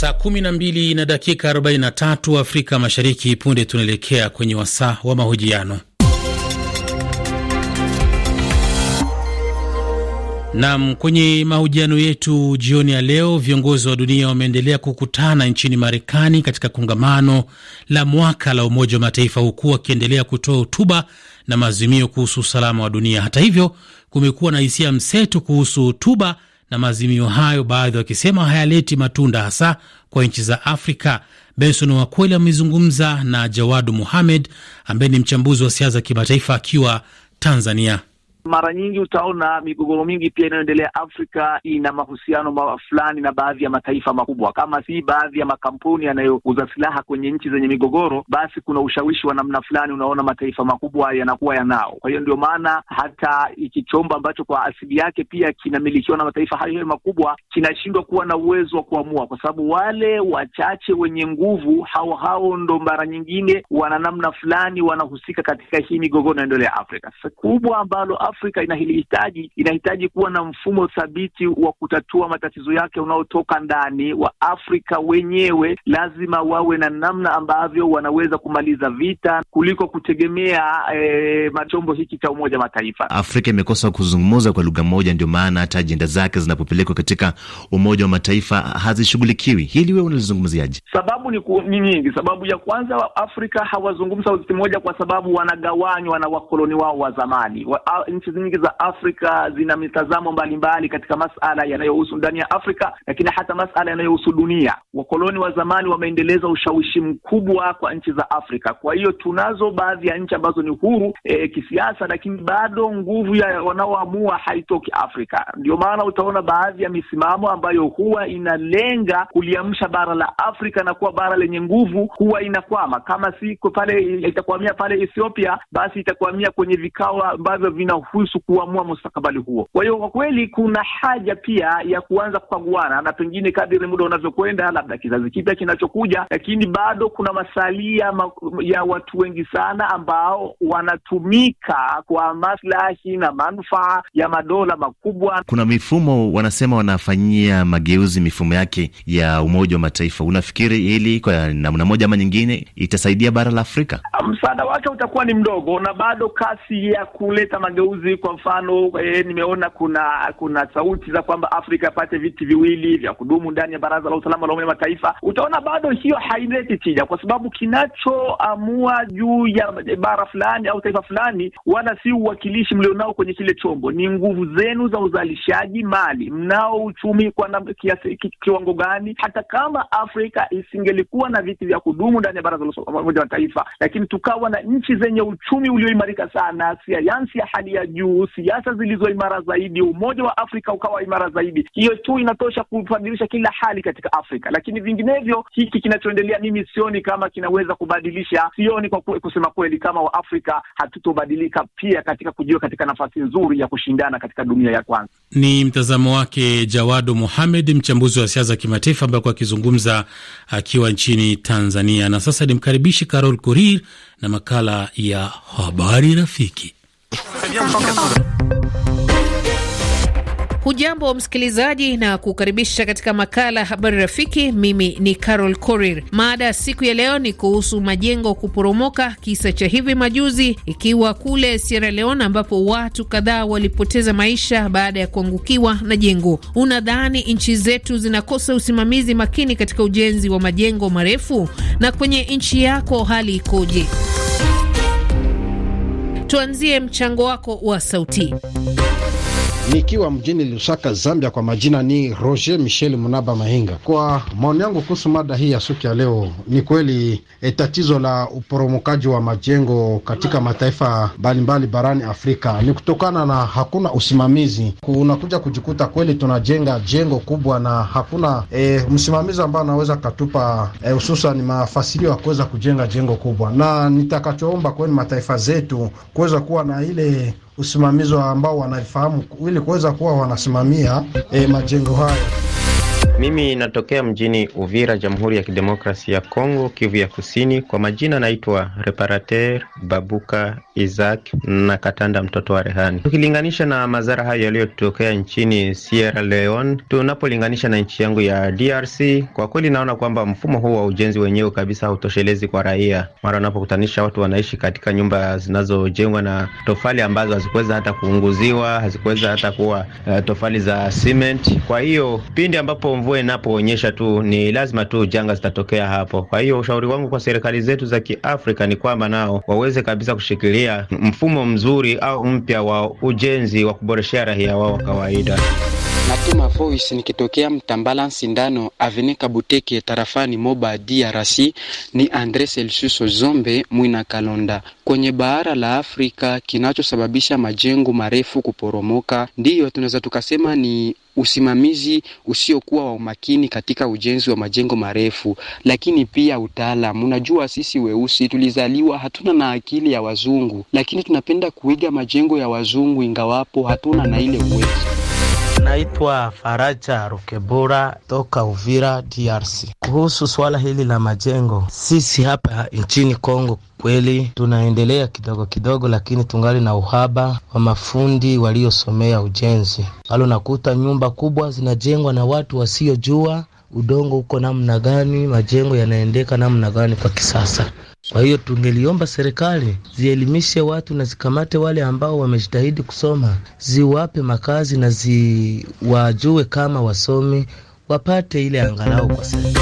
Saa kumi na dakika 43 Afrika Mashariki. Punde tunaelekea kwenye wasaa wa mahojiano. Nam, kwenye mahojiano yetu jioni ya leo, viongozi wa dunia wameendelea kukutana nchini Marekani katika kongamano la mwaka la Umoja wa Mataifa, huku wakiendelea kutoa hotuba na maazimio kuhusu usalama wa dunia. Hata hivyo, kumekuwa na hisia mseto kuhusu hotuba na maazimio hayo, baadhi wakisema hayaleti matunda hasa kwa nchi za Afrika. Benson Wakweli amezungumza na Jawadu Muhamed ambaye ni mchambuzi wa siasa kimataifa akiwa Tanzania. Mara nyingi utaona migogoro mingi pia inayoendelea Afrika ina mahusiano fulani na baadhi ya mataifa makubwa. Kama si baadhi ya makampuni yanayouza silaha kwenye nchi zenye migogoro, basi kuna ushawishi wa namna fulani, unaona mataifa makubwa yanakuwa yanao. Kwa hiyo ndio maana hata hiki chombo ambacho kwa asili yake pia kinamilikiwa na mataifa hayo hayo makubwa kinashindwa kuwa na uwezo wa kuamua, kwa sababu wale wachache wenye nguvu hao hao ndo mara nyingine wana namna fulani wanahusika katika hii migogoro inayoendelea Afrika. Sasa kubwa ambalo Afrika inahitaji inahitaji kuwa na mfumo thabiti wa kutatua matatizo yake unaotoka ndani. Wa Afrika wenyewe lazima wawe na namna ambavyo wanaweza kumaliza vita kuliko kutegemea e, eh, chombo hiki cha Umoja Mataifa. Afrika imekosa kuzungumza kwa lugha moja, ndio maana hata ajenda zake zinapopelekwa katika Umoja wa Mataifa hazishughulikiwi. Hili wewe unalizungumziaje? Sababu ni, ku, ni nyingi. Sababu ya kwanza, wa Afrika hawazungumza sauti moja kwa sababu wanagawanywa na wakoloni wao wa zamani wa, nchi nyingi za Afrika zina mitazamo mbalimbali katika masala yanayohusu ndani ya Afrika, lakini hata masala yanayohusu dunia. Wakoloni wa zamani wameendeleza ushawishi mkubwa kwa nchi za Afrika. Kwa hiyo tunazo baadhi ya nchi ambazo ni huru e, kisiasa, lakini bado nguvu ya wanaoamua haitoki Afrika. Ndio maana utaona baadhi ya misimamo ambayo huwa inalenga kuliamsha bara la Afrika na kuwa bara lenye nguvu huwa inakwama, kama si pale itakwamia pale Ethiopia, basi itakwamia kwenye vikao ambavyo vina kuhusu kuamua mustakabali huo. Kwa hiyo kwa kweli kuna haja pia ya kuanza kukaguana na pengine kadiri muda unavyokwenda, labda kizazi kipya kinachokuja, lakini bado kuna masalia ma ya watu wengi sana ambao wanatumika kwa maslahi na manufaa ya madola makubwa. Kuna mifumo wanasema wanafanyia mageuzi mifumo yake ya Umoja wa Mataifa. Unafikiri hili kwa namna moja ama nyingine itasaidia bara la Afrika? Msaada wake utakuwa ni mdogo, na bado kasi ya kuleta mageuzi uchaguzi. Kwa mfano e, nimeona kuna kuna sauti za kwamba Afrika apate viti viwili vya kudumu ndani ya Baraza la Usalama la Umoja Mataifa. Utaona bado hiyo haileti tija, kwa sababu kinachoamua juu ya bara fulani au taifa fulani wala si uwakilishi mlionao kwenye kile chombo, ni nguvu zenu za uzalishaji mali, mnao uchumi kwa kiasi kiwango gani? Hata kama Afrika isingelikuwa na viti vya kudumu ndani ya Baraza la Umoja Mataifa, lakini tukawa na nchi zenye uchumi ulioimarika sana, sayansi ya hali ya juu, siasa zilizo imara zaidi, umoja wa Afrika ukawa imara zaidi. Hiyo tu inatosha kubadilisha kila hali katika Afrika, lakini vinginevyo, hiki kinachoendelea mimi sioni kama kinaweza kubadilisha, sioni kwa kusema kweli kama Waafrika hatutobadilika pia katika kujiweka katika nafasi nzuri ya kushindana katika dunia ya kwanza. Ni mtazamo wake Jawadu Mohamed, mchambuzi wa siasa kimataifa, ambaye kwa akizungumza akiwa nchini Tanzania. Na sasa nimkaribishi Carol kurir na makala ya habari rafiki. Hujambo msikilizaji, na kukaribisha katika makala habari rafiki. Mimi ni Carol Korir. Maada ya siku ya leo ni kuhusu majengo kuporomoka, kisa cha hivi majuzi ikiwa kule Sierra Leone ambapo watu kadhaa walipoteza maisha baada ya kuangukiwa na jengo. Unadhani nchi zetu zinakosa usimamizi makini katika ujenzi wa majengo marefu? Na kwenye nchi yako hali ikoje? Tuanzie mchango wako wa sauti nikiwa mjini Lusaka, Zambia. Kwa majina ni Roger Michel Munaba Mahinga. Kwa maoni yangu kuhusu mada hii ya suki ya leo, ni kweli e, tatizo la uporomokaji wa majengo katika mataifa mbalimbali barani Afrika ni kutokana na hakuna usimamizi. Unakuja kujikuta kweli tunajenga jengo kubwa na hakuna e, msimamizi ambaye anaweza katupa e, hususan e, mafasilio ya kuweza kujenga jengo kubwa, na nitakachoomba kweli mataifa zetu kuweza kuwa na ile usimamizi ambao wanaifahamu ili kuweza kuwa wanasimamia e, majengo hayo. Mimi natokea mjini Uvira, Jamhuri ya Kidemokrasia ya Kongo, Kivu ya Kusini. Kwa majina naitwa Reparater Babuka Isaac na Katanda, mtoto wa rehani. Tukilinganisha na madhara hayo yaliyotokea nchini Sierra Leone, tunapolinganisha na nchi yangu ya DRC, kwa kweli naona kwamba mfumo huu wa ujenzi wenyewe kabisa hautoshelezi kwa raia. Mara wanapokutanisha watu wanaishi katika nyumba zinazojengwa na tofali ambazo hazikuweza hata kuunguziwa, hazikuweza hata kuwa uh, tofali za cement. Kwa hiyo pindi ambapo mvua inapoonyesha tu ni lazima tu janga zitatokea hapo. Kwa hiyo ushauri wangu kwa serikali zetu za Kiafrika ni kwamba nao waweze kabisa kushikilia mfumo mzuri au mpya wa ujenzi wa kuboreshea raia wao wa kawaida. Natuma voice nikitokea Mtambala Sindano Avenue Kabuteke tarafani Moba DRC. Ni Andre Celsuso Zombe Mwina Kalonda. Kwenye bahara la Afrika, kinachosababisha majengo marefu kuporomoka ndiyo tunaweza tukasema ni usimamizi usiokuwa wa umakini katika ujenzi wa majengo marefu, lakini pia utaalamu. Unajua, sisi weusi tulizaliwa hatuna na akili ya wazungu, lakini tunapenda kuiga majengo ya wazungu, ingawapo hatuna na ile uwezo. Naitwa Faraja Rukebura toka Uvira, DRC. Kuhusu swala hili la majengo, sisi hapa nchini Kongo kweli tunaendelea kidogo kidogo, lakini tungali na uhaba wa mafundi waliosomea ujenzi. Halo, nakuta nyumba kubwa zinajengwa na watu wasiojua udongo uko namna gani, majengo yanaendeka namna gani kwa kisasa. Kwa hiyo tungeliomba serikali zielimishe watu na zikamate wale ambao wamejitahidi kusoma, ziwape makazi na ziwajue kama wasomi, wapate ile angalau kwa sasa.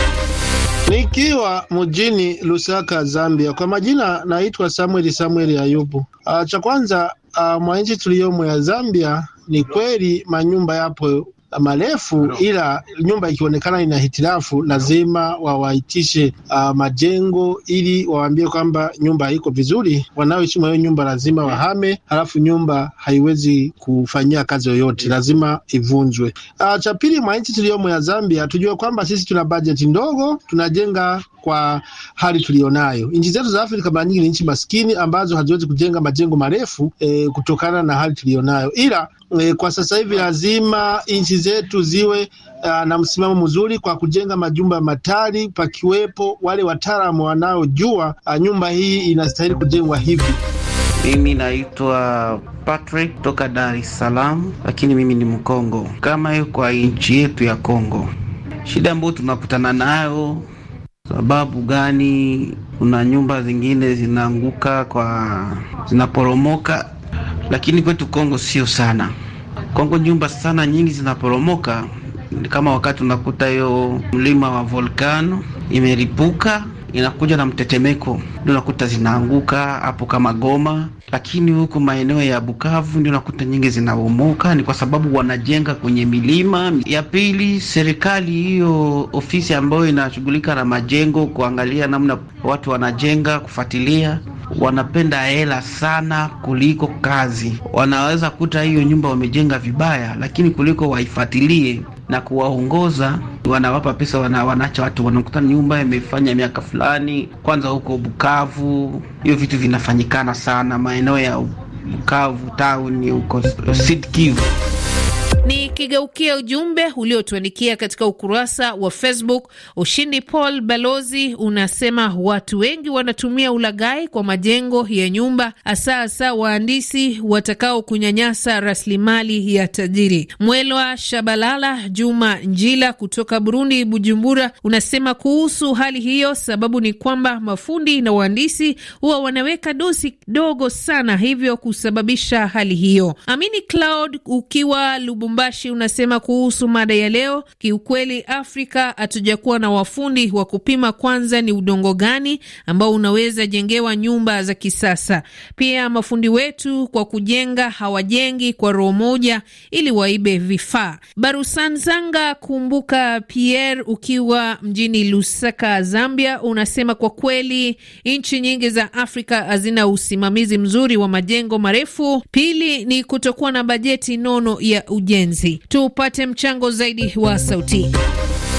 Nikiwa mjini Lusaka, Zambia. Kwa majina naitwa Samueli Samueli Ayubu. Ah, cha kwanza ah, mwa nchi tuliyomo ya Zambia, ni kweli manyumba yapo marefu, ila nyumba ikionekana ina hitilafu lazima wawaitishe uh, ah, majengo ili wawaambie kwamba nyumba haiko vizuri. Wanaoishi hiyo nyumba lazima wahame, halafu nyumba haiwezi kufanyia kazi yoyote, lazima ivunjwe. Uh, cha pili mwa nchi tuliyomo ya Zambia, tujue kwamba sisi tuna bajeti ndogo, tunajenga kwa hali tuliyonayo. Nchi zetu za Afrika mara nyingi ni nchi maskini ambazo haziwezi kujenga majengo marefu e, kutokana na hali tuliyonayo, ila e, kwa sasa hivi lazima nchi zetu ziwe a, eh, na msimamo mzuri kwa kujenga majumba matali, pakiwepo wale wataalamu wanaojua ah, nyumba hii inastahili kujengwa hivi. Mimi naitwa Patrick kutoka Dar es Salaam, lakini mimi ni Mkongo. Kama hiyo kwa nchi yetu ya Kongo, shida ambayo tunakutana nayo Sababu gani? Kuna nyumba zingine zinaanguka kwa zinaporomoka, lakini kwetu Kongo sio sana. Kongo nyumba sana nyingi zinaporomoka, kama wakati unakuta hiyo mlima wa volkano imeripuka inakuja na mtetemeko, ndio nakuta zinaanguka hapo kama Goma, lakini huku maeneo ya Bukavu ndio nakuta nyingi zinaomoka, ni kwa sababu wanajenga kwenye milima. Ya pili, serikali hiyo ofisi ambayo inashughulika na majengo, kuangalia namna watu wanajenga, kufuatilia wanapenda hela sana kuliko kazi. Wanaweza kuta hiyo nyumba wamejenga vibaya, lakini kuliko waifuatilie na kuwaongoza, wanawapa pesa, wanaacha watu wanakuta nyumba imefanya miaka fulani. Kwanza huko Bukavu hiyo vitu vinafanyikana sana maeneo ya Bukavu town huko Sud Kivu ni kigeukia ujumbe uliotuandikia katika ukurasa wa Facebook, Ushindi Paul Balozi unasema watu wengi wanatumia ulagai kwa majengo ya nyumba, hasa hasa wahandisi watakao kunyanyasa rasilimali ya tajiri. Mwelwa Shabalala Juma Njila kutoka Burundi, Bujumbura, unasema kuhusu hali hiyo, sababu ni kwamba mafundi na wahandisi huwa wanaweka dosi dogo sana, hivyo kusababisha hali hiyo. Amini Cloud ukiwa Lubumba Lubumbashi unasema kuhusu mada ya leo, kiukweli Afrika hatujakuwa na wafundi wa kupima kwanza ni udongo gani ambao unaweza jengewa nyumba za kisasa. Pia mafundi wetu kwa kujenga hawajengi kwa roho moja ili waibe vifaa. Barusanzanga kumbuka Pierre, ukiwa mjini Lusaka, Zambia, unasema kwa kweli nchi nyingi za Afrika hazina usimamizi mzuri wa majengo marefu. Pili ni kutokuwa na bajeti nono ya ujenzi mapenzi. Tupate mchango zaidi wa sauti.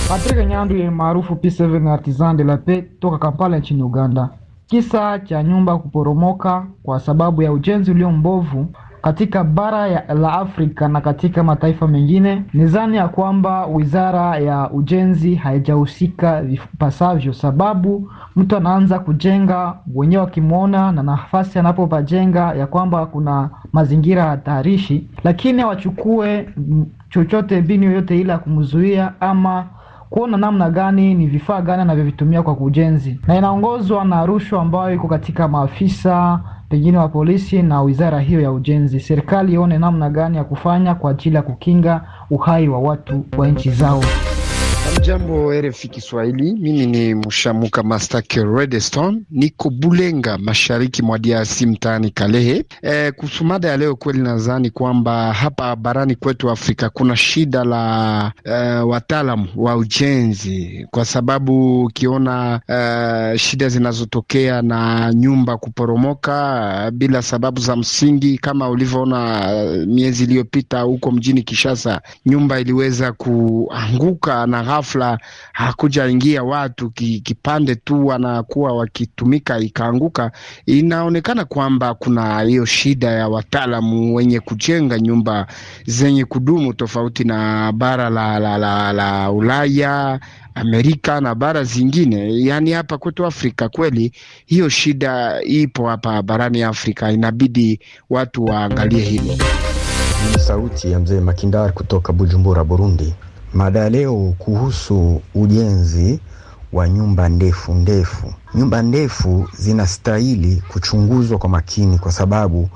Patrick Nyandwi maarufu P7 Artisan de la Paix toka Kampala nchini Uganda. Kisa cha nyumba kuporomoka kwa sababu ya ujenzi ulio mbovu katika bara ya, la Afrika na katika mataifa mengine, ni zani ya kwamba wizara ya ujenzi haijahusika vipasavyo, sababu mtu anaanza kujenga wenyewe wakimwona na nafasi anapopajenga ya kwamba kuna mazingira hatarishi, lakini wachukue chochote mbinu yoyote ile ya kumzuia ama kuona namna gani ni vifaa gani anavyovitumia kwa ujenzi, na inaongozwa na rushwa ambayo iko katika maafisa pengine wa polisi na wizara hiyo ya ujenzi, serikali ione namna gani ya kufanya kwa ajili ya kukinga uhai wa watu wa nchi zao. Jambo RFI Kiswahili, mimi ni Mshamuka Mastake Redstone, niko Bulenga, mashariki mwa DRC, mtaani Kalehe. E, kuhusu mada ya leo, kweli nadhani kwamba hapa barani kwetu Afrika kuna shida la e, wataalamu wa ujenzi, kwa sababu ukiona e, shida zinazotokea na nyumba kuporomoka bila sababu za msingi, kama ulivyoona miezi iliyopita huko mjini Kishasa, nyumba iliweza kuanguka na ghafla, hakujaingia watu kipande tu wanakuwa wakitumika ikaanguka. Inaonekana kwamba kuna hiyo shida ya wataalamu wenye kujenga nyumba zenye kudumu tofauti na bara la, la, la, la Ulaya Amerika na bara zingine, yaani hapa kwetu Afrika kweli hiyo shida ipo hapa barani Afrika, inabidi watu waangalie hilo. Ni sauti ya mzee Makindar kutoka Bujumbura, Burundi. Mada ya leo kuhusu ujenzi wa nyumba ndefu ndefu. Nyumba ndefu zinastahili kuchunguzwa kwa makini, kwa sababu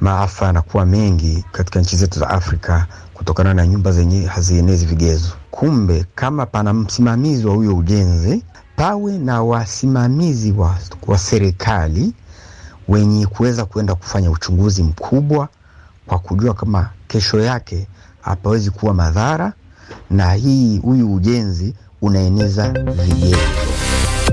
maafa yanakuwa mengi katika nchi zetu za Afrika kutokana na nyumba zenye hazienezi vigezo. Kumbe kama pana msimamizi wa huyo ujenzi, pawe na wasimamizi wa, wa serikali wenye kuweza kuenda kufanya uchunguzi mkubwa kwa kujua kama kesho yake hapawezi kuwa madhara na hii huyu ujenzi unaeneza vigezo.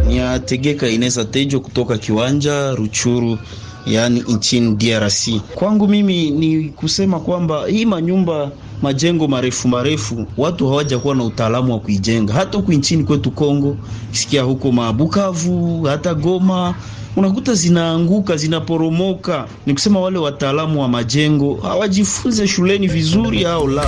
Ni Tegeka Inesa Tejo kutoka kiwanja Ruchuru, yani nchini DRC. Kwangu mimi ni kusema kwamba hii manyumba majengo marefu marefu watu hawajakuwa na utaalamu wa kuijenga, hata huku nchini kwetu Kongo, sikia huko Mabukavu, hata Goma unakuta zinaanguka zinaporomoka. Ni kusema wale wataalamu wa majengo hawajifunze shuleni vizuri, au la?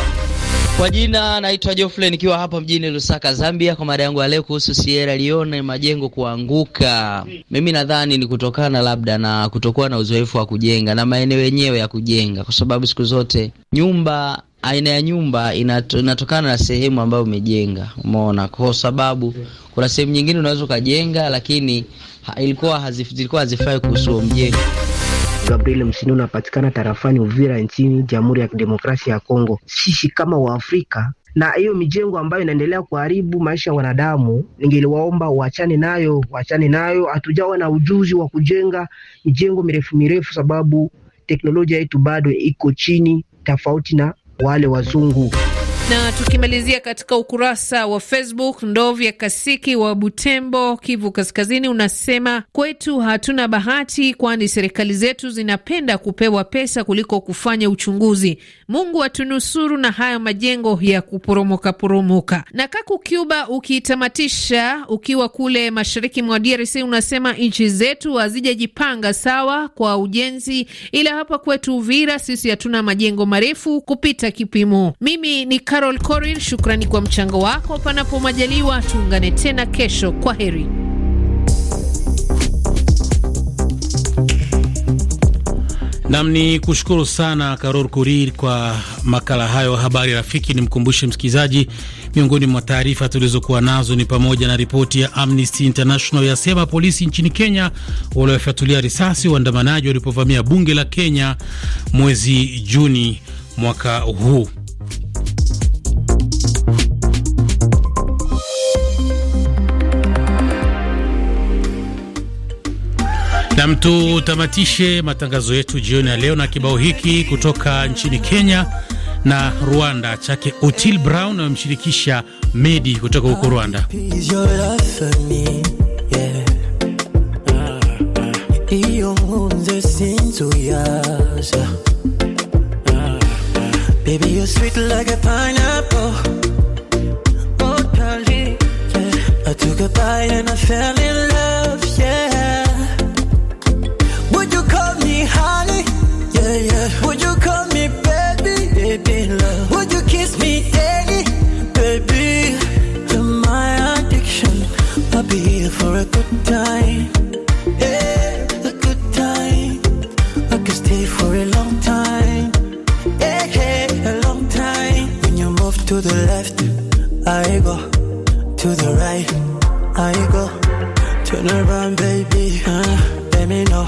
Kwa jina naitwa Geoffrey nikiwa hapa mjini Lusaka, Zambia, kwa mada yangu ya leo kuhusu Sierra Leone majengo kuanguka. Mimi nadhani ni kutokana labda na kutokuwa na uzoefu wa kujenga na maeneo yenyewe ya kujenga, kwa sababu siku zote nyumba aina ya nyumba inatokana na sehemu ambayo umejenga. Umeona, kwa sababu kuna sehemu nyingine unaweza ukajenga, lakini ilikuwa hazifai kuhusu mjengo. Gabriel Msini unapatikana tarafani Uvira nchini Jamhuri ya Kidemokrasia ya Kongo. Sisi kama Waafrika na hiyo mijengo ambayo inaendelea kuharibu maisha ya wanadamu, ningeliwaomba waachane nayo, waachane nayo. Hatujawa na ujuzi wa kujenga mijengo mirefu mirefu, sababu teknolojia yetu bado iko chini, tofauti na wale wazungu. Na tukimalizia katika ukurasa wa Facebook, Ndovya Kasiki wa Butembo, Kivu Kaskazini, unasema kwetu hatuna bahati, kwani serikali zetu zinapenda kupewa pesa kuliko kufanya uchunguzi. Mungu atunusuru na hayo majengo ya kuporomoka poromoka. Na Kaku Cuba, ukitamatisha ukiwa kule mashariki mwa DRC, unasema nchi zetu hazijajipanga sawa kwa ujenzi, ila hapa kwetu Uvira sisi hatuna majengo marefu kupita kipimo. Mimi ni Carol Korir, shukrani kwa mchango wako. Panapo majaliwa, tuungane tena kesho. Kwa heri. Nam ni kushukuru sana Karol Kurir kwa makala hayo. Habari Rafiki. Nimkumbushe msikilizaji, miongoni mwa taarifa tulizokuwa nazo ni pamoja na ripoti ya Amnesty International yasema polisi nchini Kenya waliofyatulia risasi waandamanaji walipovamia bunge la Kenya mwezi Juni mwaka huu. Nam, tutamatishe matangazo yetu jioni ya leo na kibao hiki kutoka nchini Kenya na Rwanda chake Otile Brown amemshirikisha Medi kutoka huko Rwanda. yeah. Would you call me baby, baby love? Would you kiss me daily, baby? You're my addiction. I'll be here for a good time. Yeah, a good time. I could stay for a long time. Yeah, yeah, a long time. When you move to the left, I go. To the right, I go. Turn around, baby. Uh, let me know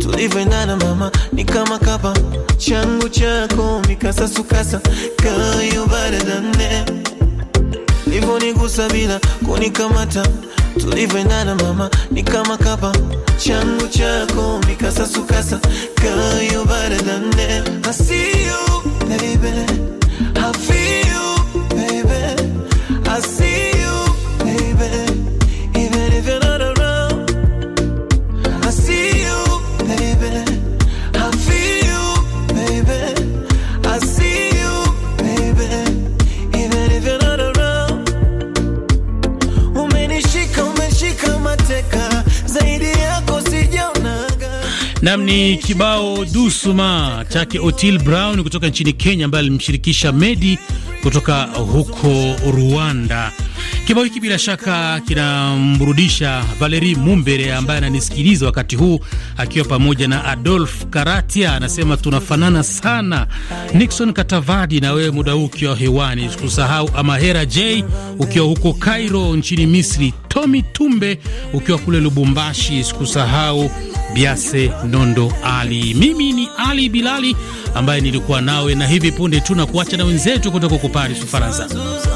tulivyoendana mama, ni kama kapa changu chako mikasasukasa kayo baada dane livyonigusa bila kunikamata, tulivyoendana mama, ni kama kapa changu chako mikasasukasa kayo baada dane asiyo baby ni kibao dusuma chake Otil Brown kutoka nchini Kenya, ambaye alimshirikisha Medi kutoka huko Rwanda. Kibao hiki bila shaka kinamrudisha Valeri Mumbere ambaye ananisikiliza wakati huu akiwa pamoja na Adolf Karatia, anasema tunafanana sana. Nixon Katavadi na wewe muda huu ukiwa hewani, kusahau Amahera J ukiwa huko Cairo nchini Misri, Tommy Tumbe ukiwa kule Lubumbashi, sikusahau Biase Nondo Ali. Mimi ni Ali Bilali ambaye nilikuwa nawe, na hivi punde tu na kuacha na wenzetu kutoka huko Paris, Ufaransa.